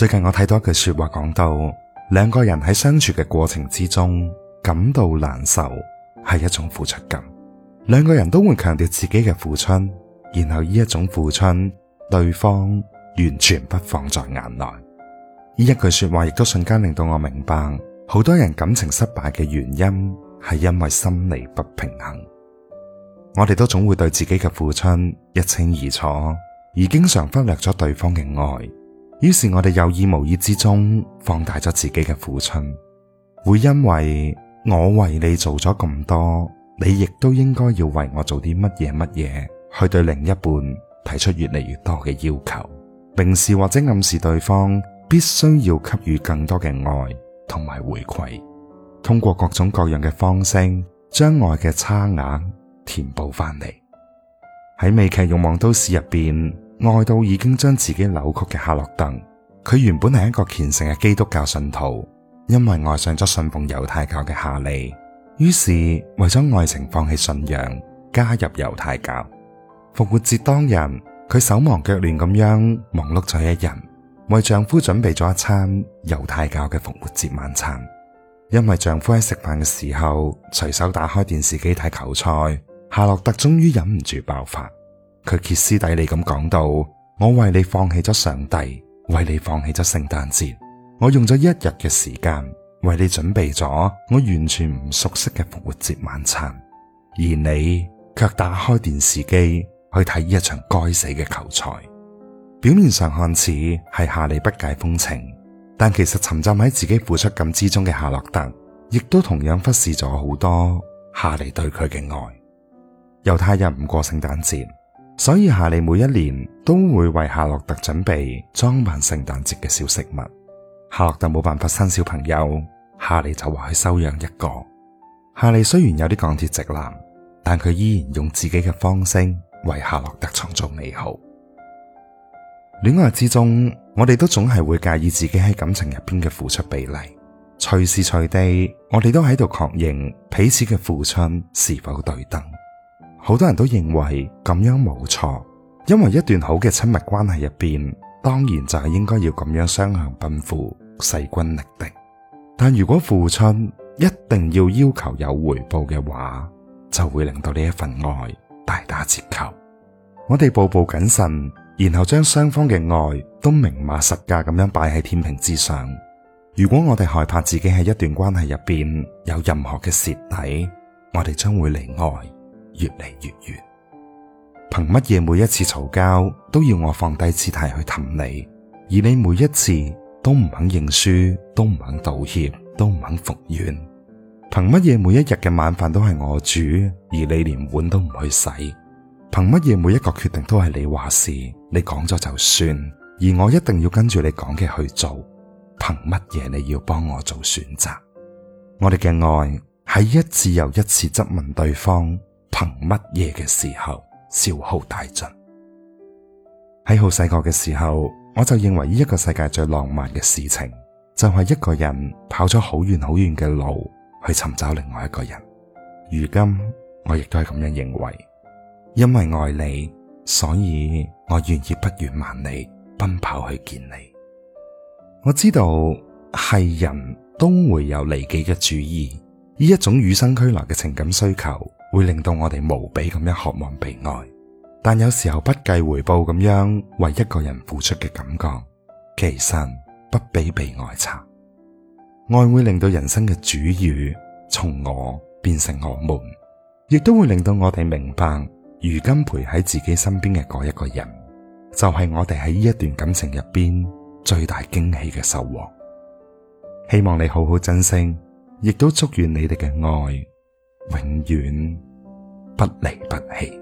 最近我睇到一句說話，講到兩個人喺相處嘅過程之中感到難受，係一種付出感。兩個人都會強調自己嘅付出，然後呢一種付出，對方完全不放在眼內。呢一句說話亦都瞬間令到我明白，好多人感情失敗嘅原因係因為心理不平衡。我哋都總會對自己嘅付出一清二楚，而經常忽略咗對方嘅愛。於是我哋有意無意之中放大咗自己嘅付出，會因為我為你做咗咁多，你亦都應該要為我做啲乜嘢乜嘢，去對另一半提出越嚟越多嘅要求，明示或者暗示對方必須要給予更多嘅愛同埋回饋，通過各種各樣嘅方式將愛嘅差額填補翻嚟。喺美劇《欲望都市》入邊。愛到已經將自己扭曲嘅夏洛特，佢原本係一個虔誠嘅基督教信徒，因為愛上咗信奉猶太教嘅夏利，於是為咗愛情放棄信仰，加入猶太教。復活節當日，佢手忙腳亂咁樣忙碌咗一日，為丈夫準備咗一餐猶太教嘅復活節晚餐。因為丈夫喺食飯嘅時候隨手打開電視機睇球賽，夏洛特終於忍唔住爆發。佢歇斯底里咁講到，我為你放棄咗上帝，為你放棄咗聖誕節，我用咗一日嘅時間為你準備咗我完全唔熟悉嘅復活節晚餐，而你卻打開電視機去睇一場該死嘅球賽。表面上看似係夏利不解風情，但其實沉浸喺自己付出感之中嘅夏洛特，亦都同樣忽視咗好多夏利對佢嘅愛。猶太人唔過聖誕節。所以夏莉每一年都會為夏洛特準備裝扮聖誕節嘅小食物。夏洛特冇辦法生小朋友，夏莉就話去收養一個。夏莉雖然有啲鋼鐵直男，但佢依然用自己嘅方式為夏洛特創造美好。戀愛之中，我哋都總係會介意自己喺感情入邊嘅付出比例，隨時隨地我哋都喺度確認彼此嘅付出是否對等。好多人都認為咁樣冇錯，因為一段好嘅親密關係入邊，當然就係應該要咁樣雙向奔赴，勢均力敵。但如果付出一定要要求有回報嘅話，就會令到呢一份愛大打折扣。我哋步步謹慎，然後將雙方嘅愛都明碼實價咁樣擺喺天平之上。如果我哋害怕自己喺一段關係入邊有任何嘅蝕底，我哋將會離愛越嚟越遠，憑乜嘢每一次嘈交都要我放低姿態去氹你？而你每一次都唔肯認輸，都唔肯道歉，都唔肯服軟。憑乜嘢每一日嘅晚飯都係我煮，而你連碗都唔去洗？憑乜嘢每一個決定都係你話事，你講咗就算，而我一定要跟住你講嘅去做？憑乜嘢你要幫我做選擇？我哋嘅愛係一次又一次質問對方。憑乜嘢嘅時候，消耗大盡。喺好細個嘅時候，我就認為呢一個世界最浪漫嘅事情就係一個人跑咗好遠好遠嘅路去尋找另外一個人。如今我亦都係咁樣認為，因為愛你，所以我願意不遠萬里奔跑去見你。我知道係人都會有利己嘅主意，呢一種與生俱來嘅情感需求。會令到我哋無比咁樣渴望被愛，但有時候不計回報咁樣為一個人付出嘅感覺，其實不比被愛差。愛會令到人生嘅主語從我變成我們，亦都會令到我哋明白，如今陪喺自己身邊嘅嗰一個人，就係我哋喺呢一段感情入邊最大驚喜嘅收穫。希望你好好珍惜，亦都祝願你哋嘅愛。永遠不離不棄。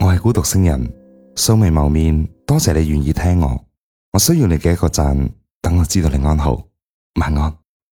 我係孤獨星人，素未謀面，多謝你願意聽我。我需要你嘅一個讚，等我知道你安好。晚安。